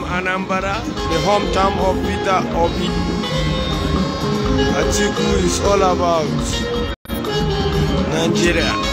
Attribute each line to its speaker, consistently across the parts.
Speaker 1: from Anambra, the hometown of Peter Obi. Atiku is all about Nigeria.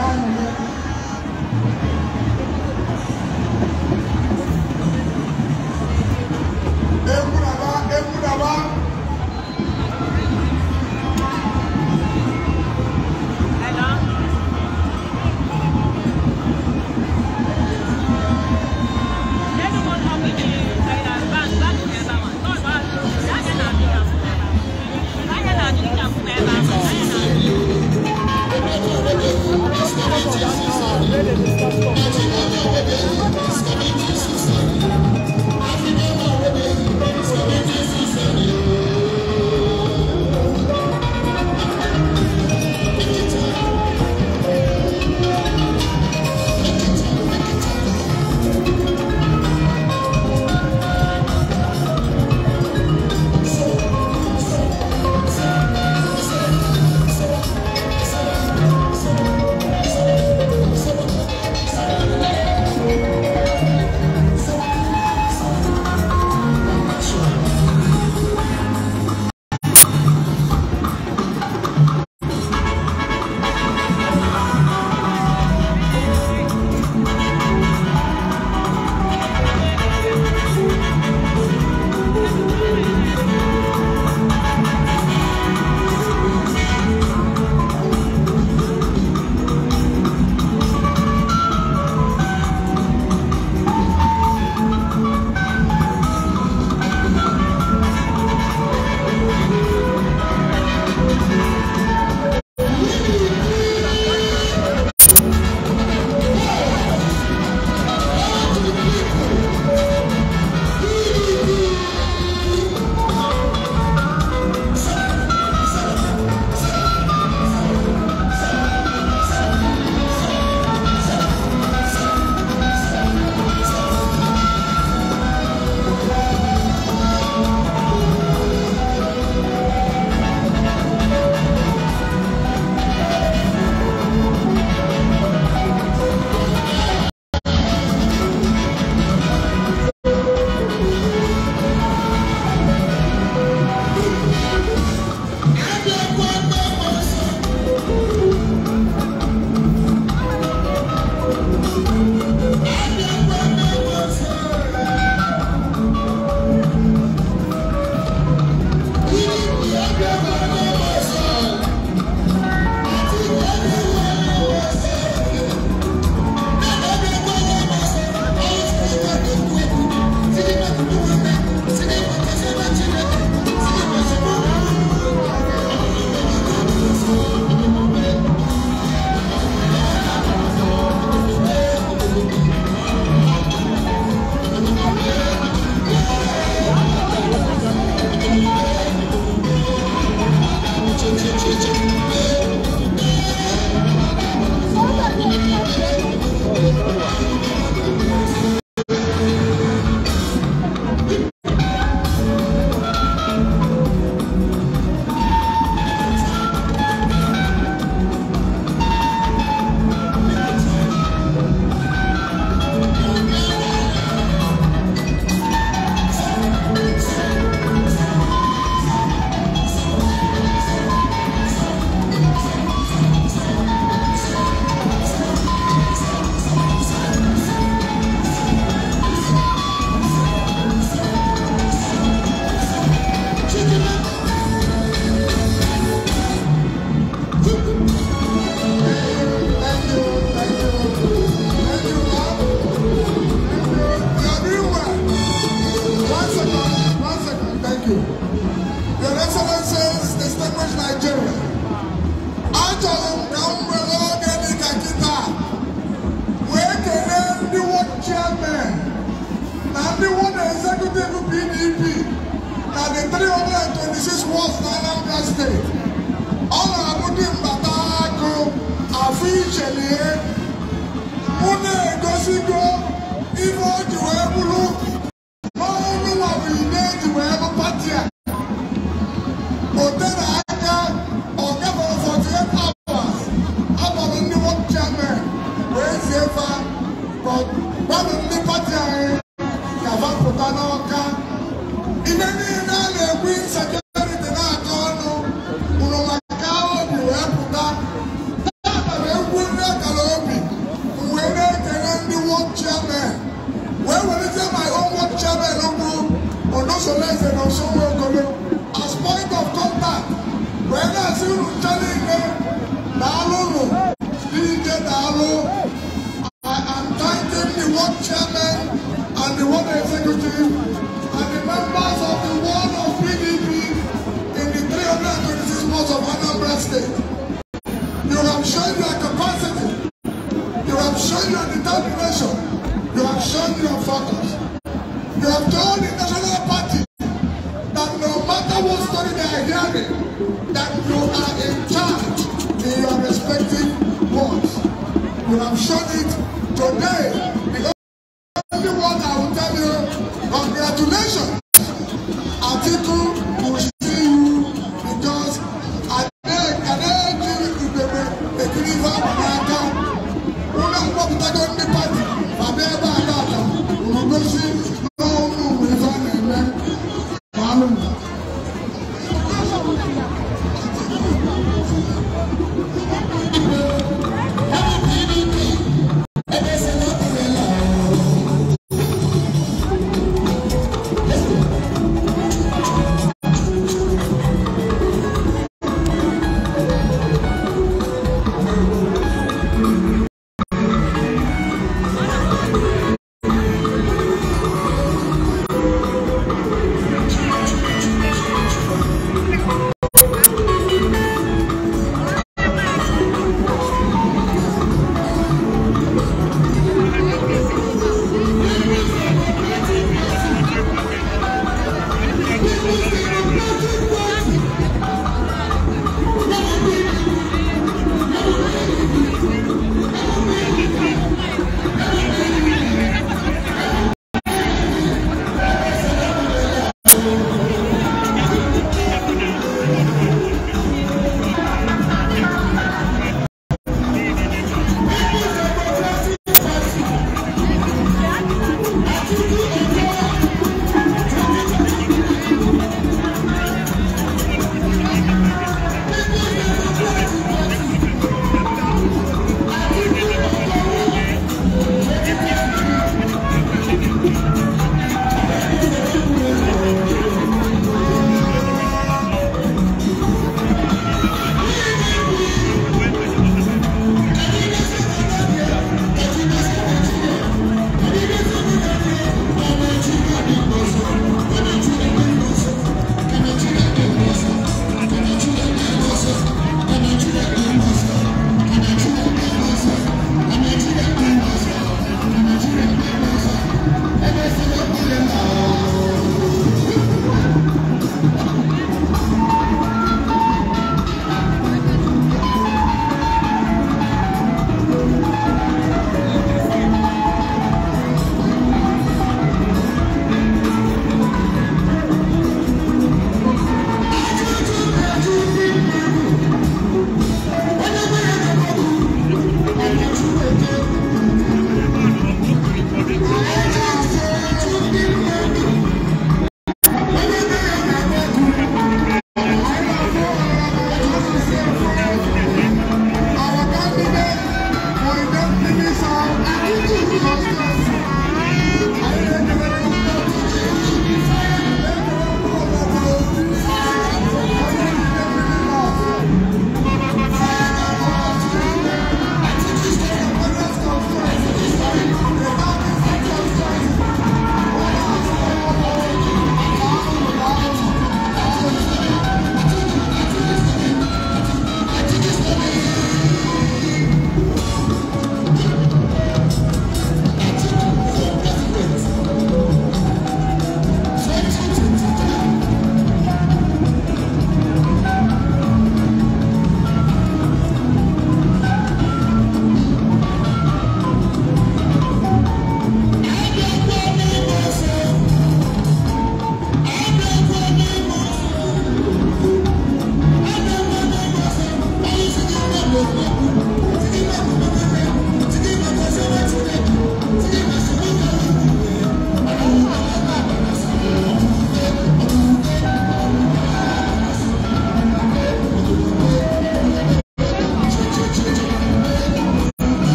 Speaker 2: Thank you.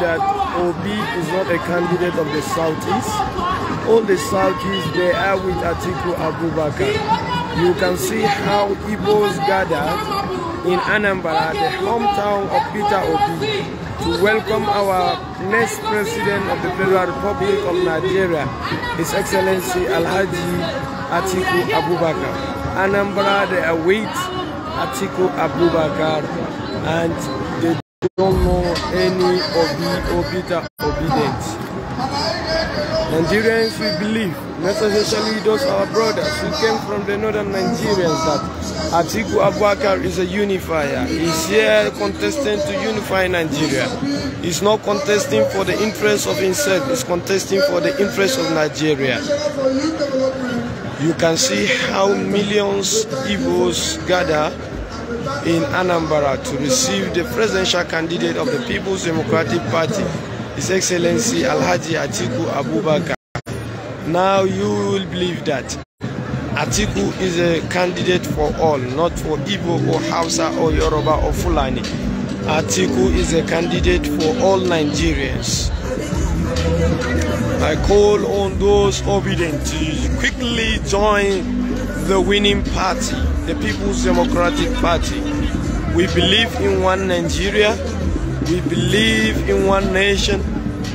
Speaker 1: that Obi is not a candidate of the Southeast. All the Southeast, they are with Atiku Abubakar. You can see how Igbos gathered
Speaker 3: in Anambra, the
Speaker 1: hometown of Peter Obi, to welcome our next president of the Federal Republic of Nigeria, His Excellency Alhaji Atiku Abubakar. Anambra, they await Atiku Abubakar and obedient. Nigerians, we believe, not especially those our brothers who came from the northern Nigerians, that Atiku Abubakar is a unifier. He's here contesting to unify Nigeria. He's not contesting for the interest of himself, he's contesting for the interest of Nigeria. You can see how millions Igbos gather in Anambra to receive the presidential candidate of the People's Democratic Party, His Excellency Alhaji Atiku Abubakar. Now you will believe that Atiku is a candidate for all, not for Igbo or Hausa or Yoruba or Fulani. Atiku is a candidate for all Nigerians. I call on those obedient to quickly join the winning party, the People's Democratic Party. We believe in one Nigeria. We believe in one nation,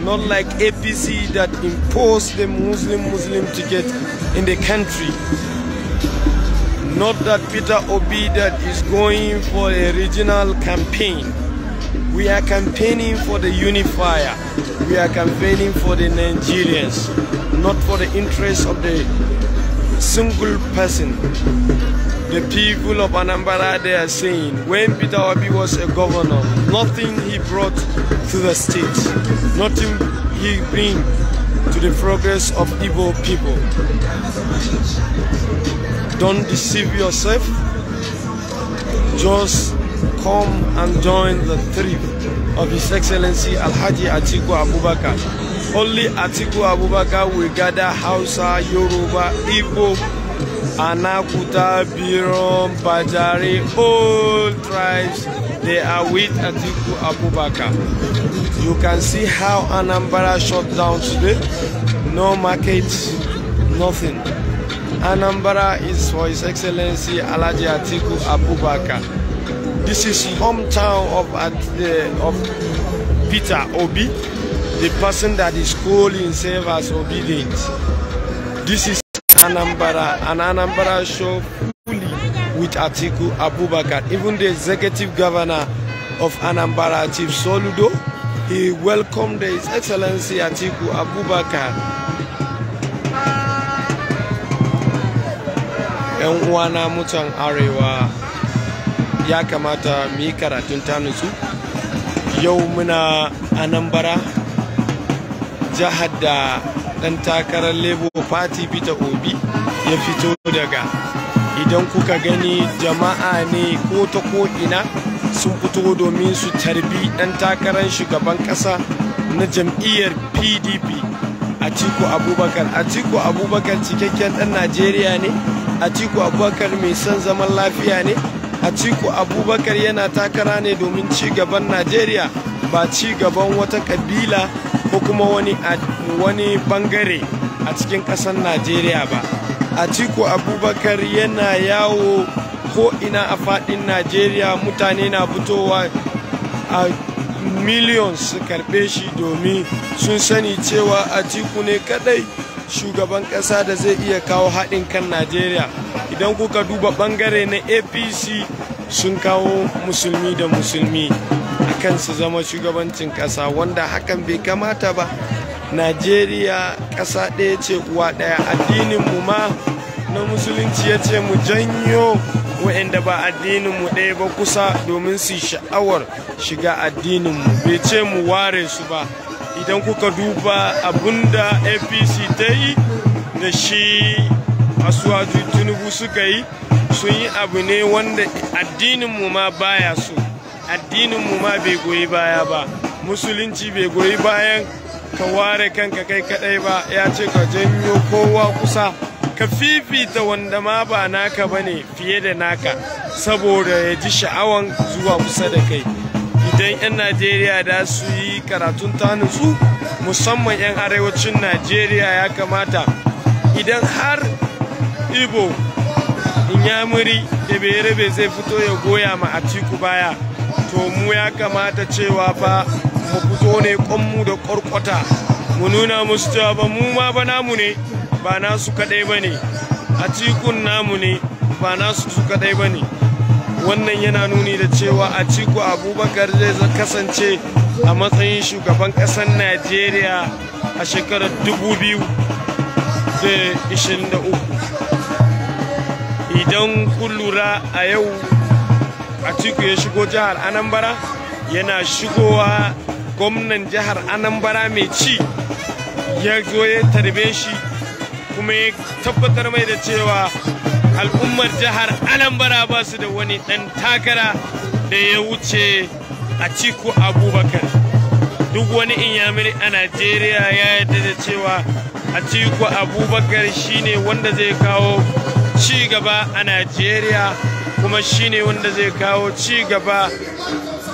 Speaker 1: not like APC that imposed the Muslim-Muslim to get in the country. Not that Peter Obi that is going for a regional campaign. We are campaigning for the unifier. We are campaigning for the Nigerians, not for the interests of the single person. The people of Anambra, they are saying, when Peter Obi was a governor, nothing he brought to the state, nothing he bring to the progress of evil people. Don't deceive yourself. Just come and join the trip of His Excellency Alhaji Atiku Abubakar. Only Atiku Abubakar will gather Hausa, Yoruba, Igbo, Anakuta, Biron, Bajari, all tribes. They are with Atiku Abubakar. You can see how Anambra shut down today. No markets, nothing. Anambra is for His Excellency Alaji Atiku Abubakar. This is hometown of, uh, of Peter Obi. the person that is calling himself as obedient. This is Anambara. an Anambara show fully with Atiku Abubakar. Even the executive governor of Anambara, Chief Soludo, he welcomed His Excellency Atiku Abubakar. ‘Yan uwana mutan arewa ya kamata mu yi karatun tanusu yau muna anambara jihar da ɗan takarar labour party peter obi ya fito daga idan kuka gani jama'a ne ko ta ko ina sun fito domin su tarbi ɗan takarar shugaban ƙasa na jam'iyyar pdp atiku abubakar atiku abubakar cikakken ɗan najeriya ne atiku abubakar mai son zaman lafiya ne Atiku Abubakar yana takara ne domin ci gaban Najeriya ba ci gaban wata kabila ko kuma wani wani bangare a cikin ƙasar najeriya ba atiku abubakar yana yawo ko ina a faɗin najeriya mutane na fitowa a miliyon su karɓe shi domin sun sani cewa atiku ne kadai shugaban ƙasa da zai iya kawo haɗin kan najeriya idan kuka duba bangare na apc sun kawo musulmi da musulmi kan su zama shugabancin kasa wanda hakan bai kamata ba najeriya kasa ɗaya ce uwa ɗaya addininmu ma na musulunci ya ce mu janyo waɗanda ba mu ɗaya ba kusa domin su sha'awar shiga addininmu bai ce mu ware su ba idan kuka duba abinda apc ta yi da shi asuwaju tinubu suka yi sun yi abu ne wanda addinin mu ma baya so addininmu ma bai goyi baya ba musulunci bai goyi bayan ka ware kanka kai kadai ba ya ce ka janyo kowa kusa ka fifita wanda ma ba naka ba ne fiye da naka saboda ya ji sha'awan zuwa kusa da kai idan 'yan najeriya da su yi karatun ta musamman 'yan arewacin najeriya ya kamata idan har ibo inyamuri da bai zai fito ya goya ma atiku baya to mu ya kamata cewa fa mu fito ne kwanmu da ƙwarƙwata mu nuna musu cewa ba mu ma ba namu ne ba nasu kaɗai ba ne a cikun namu ne ba nasu su kaɗai ba ne wannan yana nuni da cewa a ciku abubakar zai kasance a matsayin shugaban ƙasar najeriya a shekarar 2023 idan kun lura a yau atiku ya shigo jihar anambara yana shigowa gwamnan jihar anambara mai ci ya zo ya tarbe shi kuma ya tabbatar mai da cewa al'ummar jihar anambara ba su da wani ɗan takara da ya wuce atiku abubakar duk wani inyamiri a najeriya ya yarda da cewa atiku abubakar shine wanda zai kawo ci gaba a najeriya kuma shine wanda zai kawo ci gaba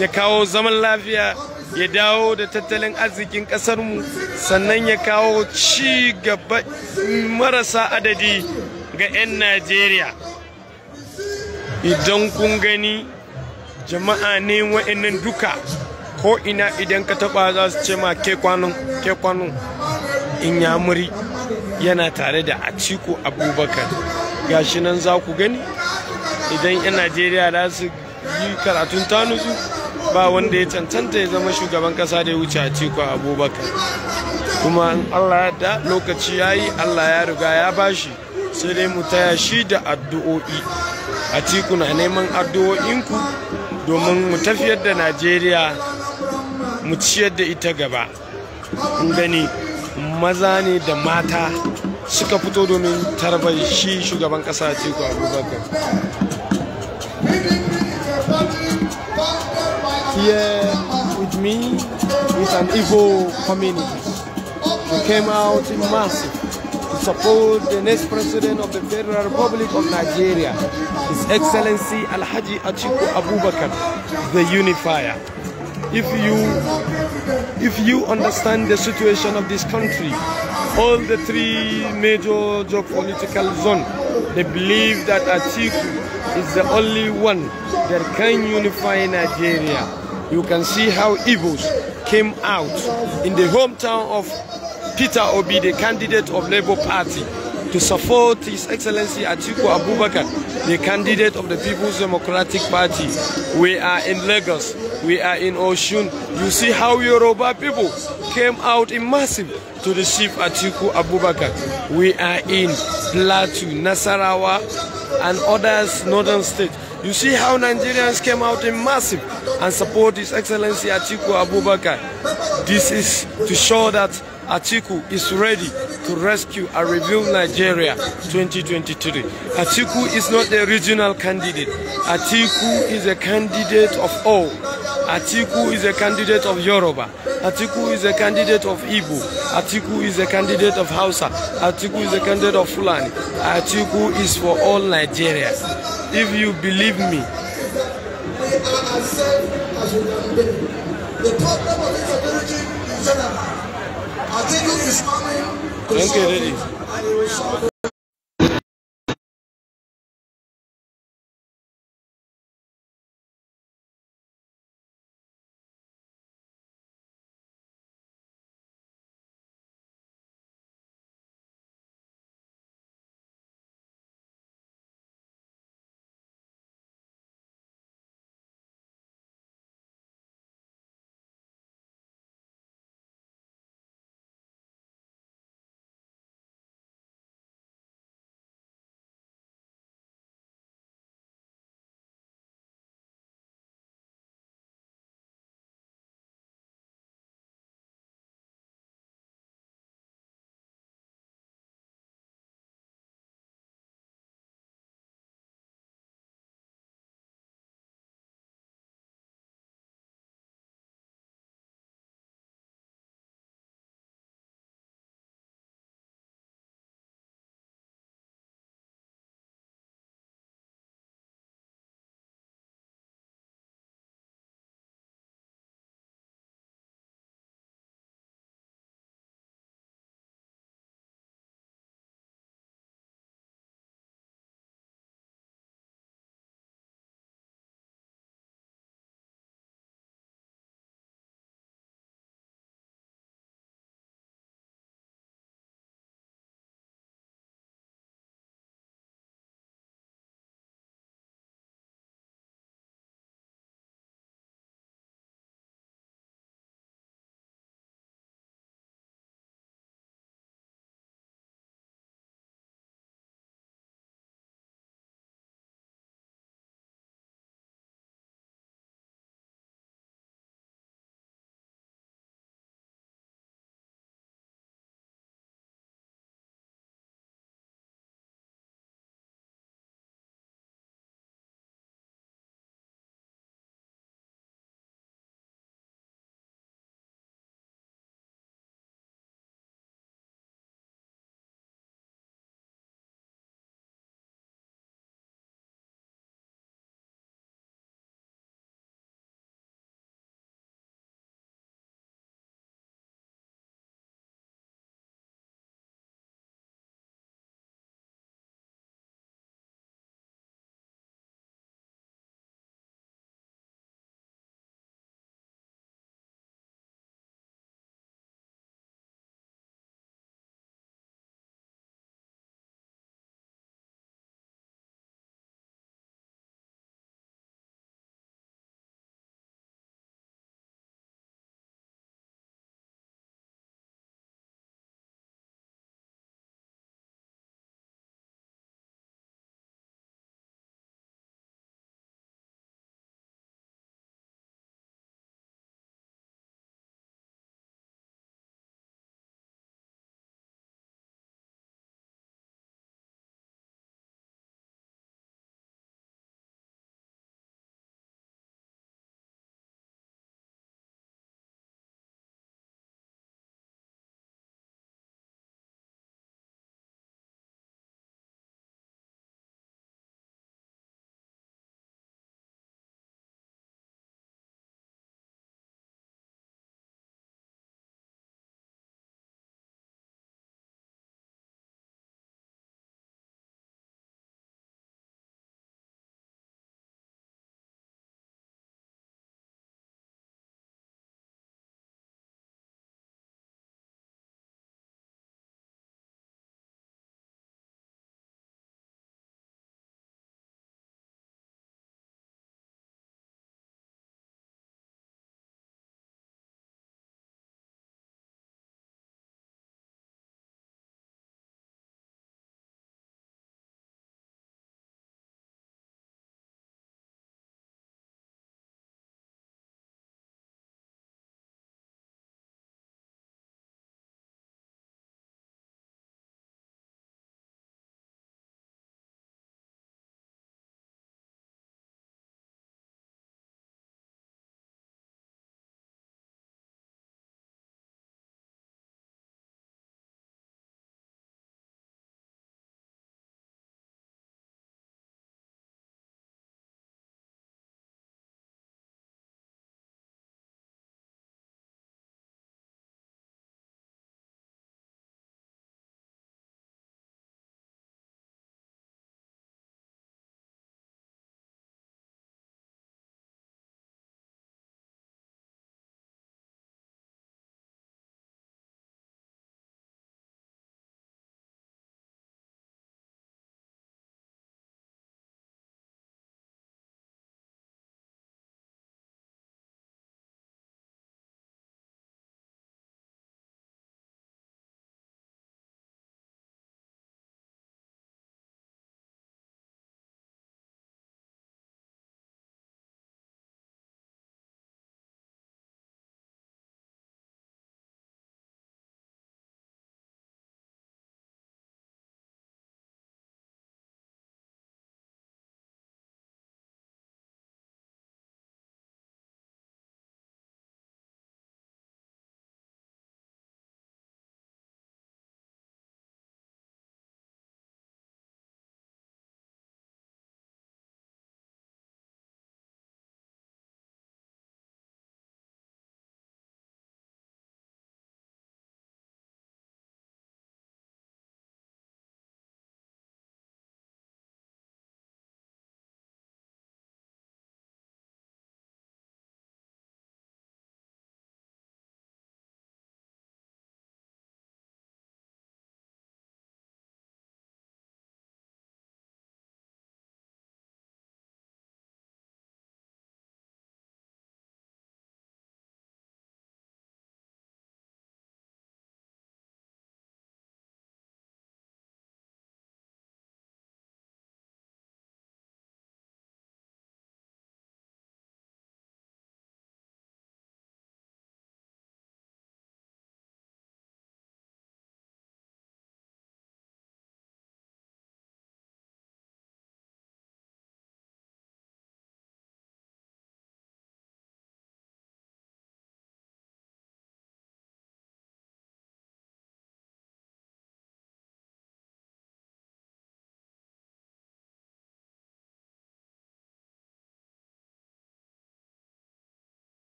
Speaker 1: ya kawo zaman lafiya ya dawo da tattalin arzikin mu sannan ya kawo ci gaba marasa adadi ga 'yan najeriya idan kun gani jama'a ne wa'annan duka ko ina idan ka taba za su ce ma ke kwanon ke kwanon in muri yana tare da aciko abubakar gashi nan za ku gani idan 'yan najeriya za su yi karatun tanusu ba wanda ya cancanta ya zama shugaban kasa da ya wuce a ciko abubakar kuma in allah ya da lokaci ya yi allah ya riga ya bashi sai dai mu taya shi da addu'o'i a ciku na neman addu'o'inku domin mu tafiyar da najeriya mu ciyar da ita gaba in gani maza ne da mata suka fito domin tarbar shi shugaban kasa a abubakar Here with me is an evil community. We came out in mass to support the next president of the Federal Republic of Nigeria, His Excellency Alhaji Achiku Abubakar, the unifier. If you, if you understand the situation of this country, all the three major geopolitical zones, they believe that Atiku is the only one that can unify Nigeria. You can see how evils came out in the hometown of Peter Obi, the candidate of Labour Party, to support His Excellency Atiku Abubakar, the candidate of the People's Democratic Party. We are in Lagos, we are in Oshun. You see how Yoruba people came out in massive to receive Atiku Abubakar. We are in Plateau, Nasarawa, and others northern states. You see how Nigerians came out in massive and support His Excellency Atiku Abubakar. This is to show that Atiku is ready to rescue and rebuild Nigeria 2023. Atiku is not a regional candidate. Atiku is a candidate of all. Atiku is a candidate of Yoruba. Atiku is a candidate of Igbo. Atiku is a candidate of Hausa. Atiku is a candidate of Fulani. Atiku is for all Nigerians. If you believe me.
Speaker 2: The problem of insecurity in general. Atiku is coming
Speaker 3: to
Speaker 2: solve it.